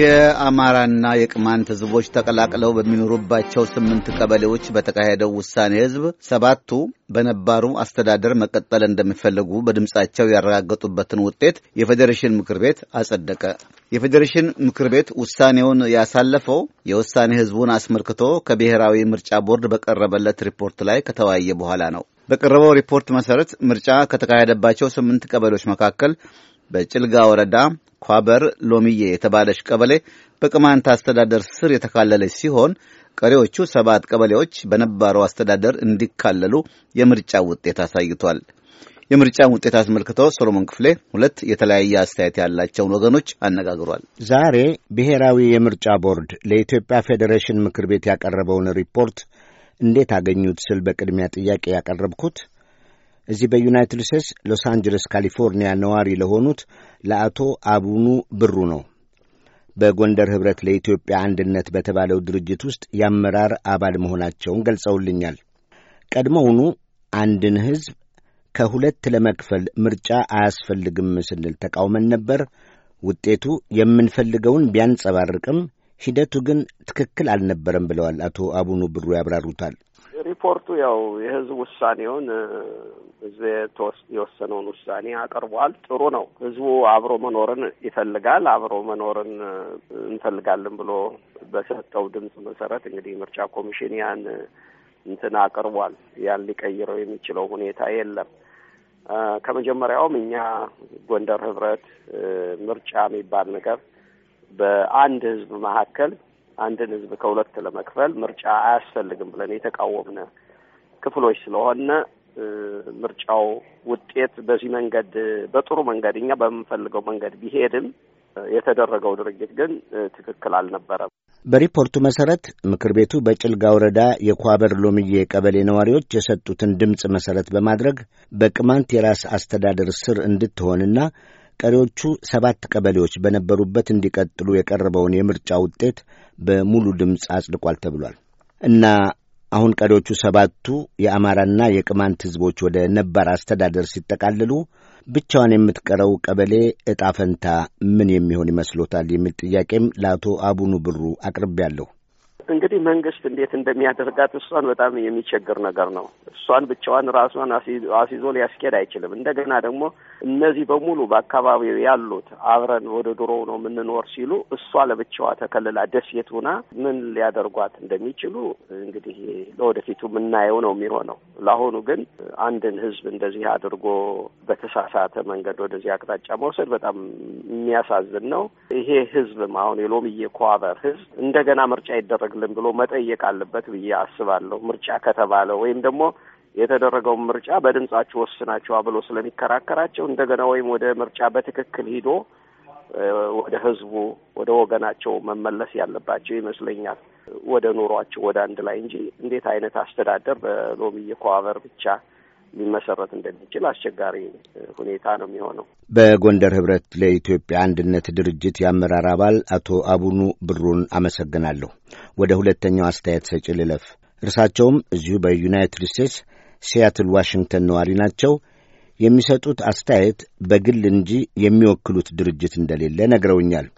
የአማራና የቅማንት ህዝቦች ተቀላቅለው በሚኖሩባቸው ስምንት ቀበሌዎች በተካሄደው ውሳኔ ህዝብ ሰባቱ በነባሩ አስተዳደር መቀጠል እንደሚፈልጉ በድምፃቸው ያረጋገጡበትን ውጤት የፌዴሬሽን ምክር ቤት አጸደቀ። የፌዴሬሽን ምክር ቤት ውሳኔውን ያሳለፈው የውሳኔ ህዝቡን አስመልክቶ ከብሔራዊ ምርጫ ቦርድ በቀረበለት ሪፖርት ላይ ከተወያየ በኋላ ነው። በቀረበው ሪፖርት መሰረት ምርጫ ከተካሄደባቸው ስምንት ቀበሌዎች መካከል በጭልጋ ወረዳ ኳበር ሎሚዬ የተባለች ቀበሌ በቅማንት አስተዳደር ስር የተካለለች ሲሆን ቀሪዎቹ ሰባት ቀበሌዎች በነባረው አስተዳደር እንዲካለሉ የምርጫ ውጤት አሳይቷል። የምርጫን ውጤት አስመልክቶ ሶሎሞን ክፍሌ ሁለት የተለያየ አስተያየት ያላቸውን ወገኖች አነጋግሯል። ዛሬ ብሔራዊ የምርጫ ቦርድ ለኢትዮጵያ ፌዴሬሽን ምክር ቤት ያቀረበውን ሪፖርት እንዴት አገኙት ስል በቅድሚያ ጥያቄ ያቀረብኩት እዚህ በዩናይትድ ስቴትስ ሎስ አንጀለስ ካሊፎርኒያ ነዋሪ ለሆኑት ለአቶ አቡኑ ብሩ ነው። በጎንደር ኅብረት ለኢትዮጵያ አንድነት በተባለው ድርጅት ውስጥ የአመራር አባል መሆናቸውን ገልጸውልኛል። ቀድሞውኑ አንድን ሕዝብ ከሁለት ለመክፈል ምርጫ አያስፈልግም ስንል ተቃውመን ነበር። ውጤቱ የምንፈልገውን ቢያንጸባርቅም ሂደቱ ግን ትክክል አልነበረም ብለዋል አቶ አቡኑ ብሩ ያብራሩታል። ሪፖርቱ ያው የህዝብ ውሳኔውን ህዝብ የወሰነውን ውሳኔ አቅርቧል። ጥሩ ነው። ህዝቡ አብሮ መኖርን ይፈልጋል። አብሮ መኖርን እንፈልጋለን ብሎ በሰጠው ድምፅ መሰረት እንግዲህ ምርጫ ኮሚሽን ያን እንትን አቅርቧል። ያን ሊቀይረው የሚችለው ሁኔታ የለም። ከመጀመሪያውም እኛ ጎንደር ህብረት ምርጫ የሚባል ነገር በአንድ ህዝብ መካከል አንድን ህዝብ ከሁለት ለመክፈል ምርጫ አያስፈልግም ብለን የተቃወምነ ክፍሎች ስለሆነ ምርጫው ውጤት በዚህ መንገድ በጥሩ መንገድ እኛ በምንፈልገው መንገድ ቢሄድም የተደረገው ድርጊት ግን ትክክል አልነበረም። በሪፖርቱ መሰረት ምክር ቤቱ በጭልጋ ወረዳ የኳበር ሎሚዬ ቀበሌ ነዋሪዎች የሰጡትን ድምፅ መሰረት በማድረግ በቅማንት የራስ አስተዳደር ስር እንድትሆንና ቀሪዎቹ ሰባት ቀበሌዎች በነበሩበት እንዲቀጥሉ የቀረበውን የምርጫ ውጤት በሙሉ ድምፅ አጽድቋል ተብሏል እና አሁን ቀሪዎቹ ሰባቱ የአማራና የቅማንት ህዝቦች ወደ ነባር አስተዳደር ሲጠቃልሉ ብቻዋን የምትቀረው ቀበሌ እጣፈንታ ፈንታ ምን የሚሆን ይመስሎታል? የሚል ጥያቄም ለአቶ አቡኑ ብሩ አቅርቤያለሁ። እንግዲህ መንግስት እንዴት እንደሚያደርጋት እሷን በጣም የሚቸግር ነገር ነው። እሷን ብቻዋን ራሷን አስይዞ ሊያስኬድ አይችልም። እንደገና ደግሞ እነዚህ በሙሉ በአካባቢው ያሉት አብረን ወደ ድሮ ነው የምንኖር ሲሉ እሷ ለብቻዋ ተከልላ ደሴት ሆና ምን ሊያደርጓት እንደሚችሉ እንግዲህ ለወደፊቱ የምናየው ነው የሚሆነው። ለአሁኑ ግን አንድን ህዝብ እንደዚህ አድርጎ በተሳሳተ መንገድ ወደዚህ አቅጣጫ መውሰድ በጣም የሚያሳዝን ነው። ይሄ ህዝብም አሁን የሎሚዬ ኮበር ህዝብ እንደገና ምርጫ ይደረግ አይደለም ብሎ መጠየቅ አለበት ብዬ አስባለሁ። ምርጫ ከተባለ ወይም ደግሞ የተደረገውን ምርጫ በድምጻችሁ ወስናችኋ ብሎ ስለሚከራከራቸው እንደገና ወይም ወደ ምርጫ በትክክል ሂዶ ወደ ህዝቡ ወደ ወገናቸው መመለስ ያለባቸው ይመስለኛል። ወደ ኑሯቸው ወደ አንድ ላይ እንጂ እንዴት አይነት አስተዳደር በሎሚ የከዋበር ብቻ ሊመሰረት እንደሚችል አስቸጋሪ ሁኔታ ነው የሚሆነው። በጎንደር ህብረት ለኢትዮጵያ አንድነት ድርጅት የአመራር አባል አቶ አቡኑ ብሩን አመሰግናለሁ። ወደ ሁለተኛው አስተያየት ሰጪ ልለፍ። እርሳቸውም እዚሁ በዩናይትድ ስቴትስ ሲያትል ዋሽንግተን ነዋሪ ናቸው። የሚሰጡት አስተያየት በግል እንጂ የሚወክሉት ድርጅት እንደሌለ ነግረውኛል።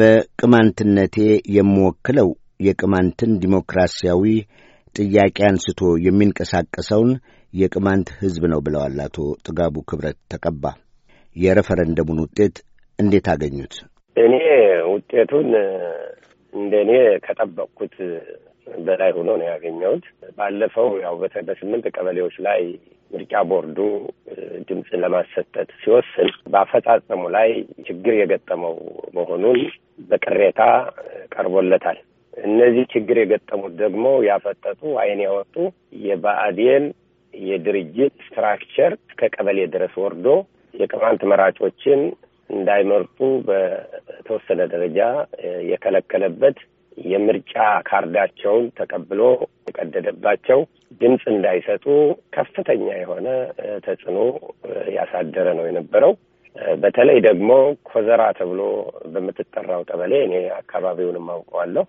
በቅማንትነቴ የምወክለው የቅማንትን ዲሞክራሲያዊ ጥያቄ አንስቶ የሚንቀሳቀሰውን የቅማንት ሕዝብ ነው ብለዋል አቶ ጥጋቡ ክብረት ተቀባ። የረፈረንደሙን ውጤት እንዴት አገኙት? እኔ ውጤቱን እንደ እኔ ከጠበቅኩት በላይ ሆኖ ነው ያገኘሁት። ባለፈው ያው በስምንት ቀበሌዎች ላይ ምርጫ ቦርዱ ድምፅ ለማሰጠት ሲወስን በአፈጻጸሙ ላይ ችግር የገጠመው መሆኑን በቅሬታ ቀርቦለታል። እነዚህ ችግር የገጠሙት ደግሞ ያፈጠጡ አይን ያወጡ የባዕዴን የድርጅት ስትራክቸር እስከ ቀበሌ ድረስ ወርዶ የቅማንት መራጮችን እንዳይመርጡ በተወሰነ ደረጃ የከለከለበት የምርጫ ካርዳቸውን ተቀብሎ የቀደደባቸው ድምፅ እንዳይሰጡ ከፍተኛ የሆነ ተጽዕኖ ያሳደረ ነው የነበረው። በተለይ ደግሞ ኮዘራ ተብሎ በምትጠራው ቀበሌ እኔ አካባቢውንም አውቀዋለሁ።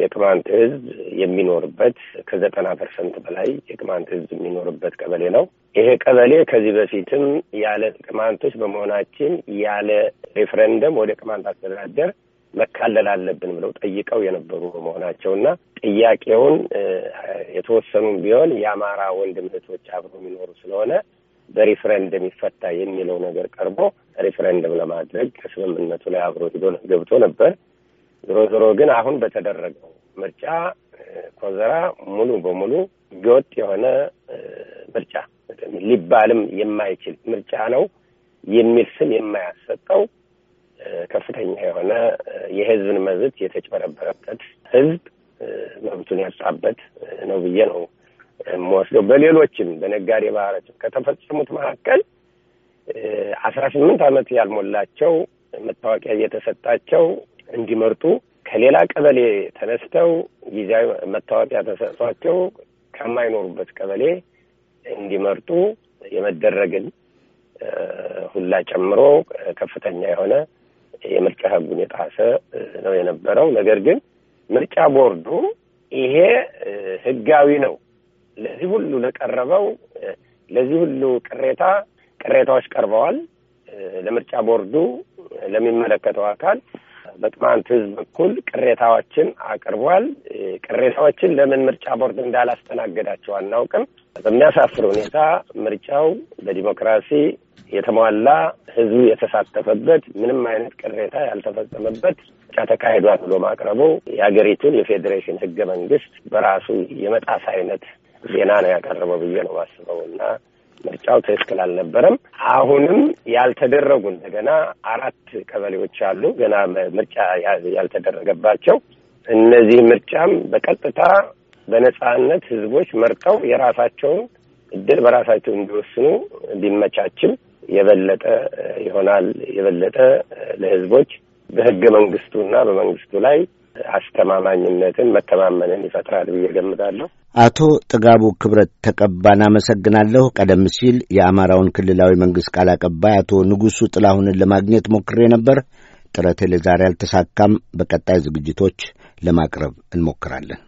የቅማንት ህዝብ የሚኖርበት ከዘጠና ፐርሰንት በላይ የቅማንት ህዝብ የሚኖርበት ቀበሌ ነው። ይሄ ቀበሌ ከዚህ በፊትም ያለ ቅማንቶች በመሆናችን ያለ ሬፍረንደም ወደ ቅማንት አስተዳደር መካለል አለብን ብለው ጠይቀው የነበሩ በመሆናቸው እና ጥያቄውን የተወሰኑም ቢሆን የአማራ ወንድም እህቶች አብረው የሚኖሩ ስለሆነ በሪፍረንደም ይፈታ የሚለው ነገር ቀርቦ ሪፍረንደም ለማድረግ ከስምምነቱ ላይ አብሮ ሂዶ ገብቶ ነበር። ዞሮ ዞሮ ግን አሁን በተደረገው ምርጫ ኮዘራ ሙሉ በሙሉ ህገወጥ የሆነ ምርጫ ሊባልም የማይችል ምርጫ ነው የሚል ስም የማያሰጠው ከፍተኛ የሆነ የህዝብን መብት የተጭበረበረበት ህዝብ መብቱን ያጣበት ነው ብዬ ነው የምወስደው። በሌሎችም በነጋዴ ባህሮችም ከተፈጸሙት መካከል አስራ ስምንት ዓመት ያልሞላቸው መታወቂያ እየተሰጣቸው እንዲመርጡ ከሌላ ቀበሌ ተነስተው ጊዜያዊ መታወቂያ ተሰጥቷቸው ከማይኖሩበት ቀበሌ እንዲመርጡ የመደረግን ሁላ ጨምሮ ከፍተኛ የሆነ የምርጫ ሕጉን የጣሰ ነው የነበረው። ነገር ግን ምርጫ ቦርዱ ይሄ ሕጋዊ ነው ለዚህ ሁሉ ለቀረበው ለዚህ ሁሉ ቅሬታ ቅሬታዎች ቀርበዋል። ለምርጫ ቦርዱ ለሚመለከተው አካል በቅማንት ህዝብ በኩል ቅሬታዎችን አቅርቧል። ቅሬታዎችን ለምን ምርጫ ቦርድ እንዳላስተናገዳቸው አናውቅም። በሚያሳፍር ሁኔታ ምርጫው በዲሞክራሲ የተሟላ ህዝቡ የተሳተፈበት ምንም አይነት ቅሬታ ያልተፈጸመበት ምርጫ ተካሂዷል ብሎ ማቅረቡ የሀገሪቱን የፌዴሬሽን ህገ መንግስት በራሱ የመጣስ አይነት ዜና ነው ያቀረበው ብዬ ነው ማስበው እና ምርጫው ትክክል አልነበረም። አሁንም ያልተደረጉ እንደገና አራት ቀበሌዎች አሉ ገና ምርጫ ያልተደረገባቸው። እነዚህ ምርጫም በቀጥታ በነጻነት ህዝቦች መርጠው የራሳቸውን እድል በራሳቸው እንዲወስኑ ቢመቻችም የበለጠ ይሆናል። የበለጠ ለህዝቦች በህገ መንግስቱና በመንግስቱ ላይ አስተማማኝነትን መተማመንን ይፈጥራል ብዬ ገምታለሁ። አቶ ጥጋቡ ክብረት ተቀባን አመሰግናለሁ። ቀደም ሲል የአማራውን ክልላዊ መንግሥት ቃል አቀባይ አቶ ንጉሡ ጥላሁንን ለማግኘት ሞክሬ ነበር። ጥረቴ ለዛሬ አልተሳካም። በቀጣይ ዝግጅቶች ለማቅረብ እንሞክራለን።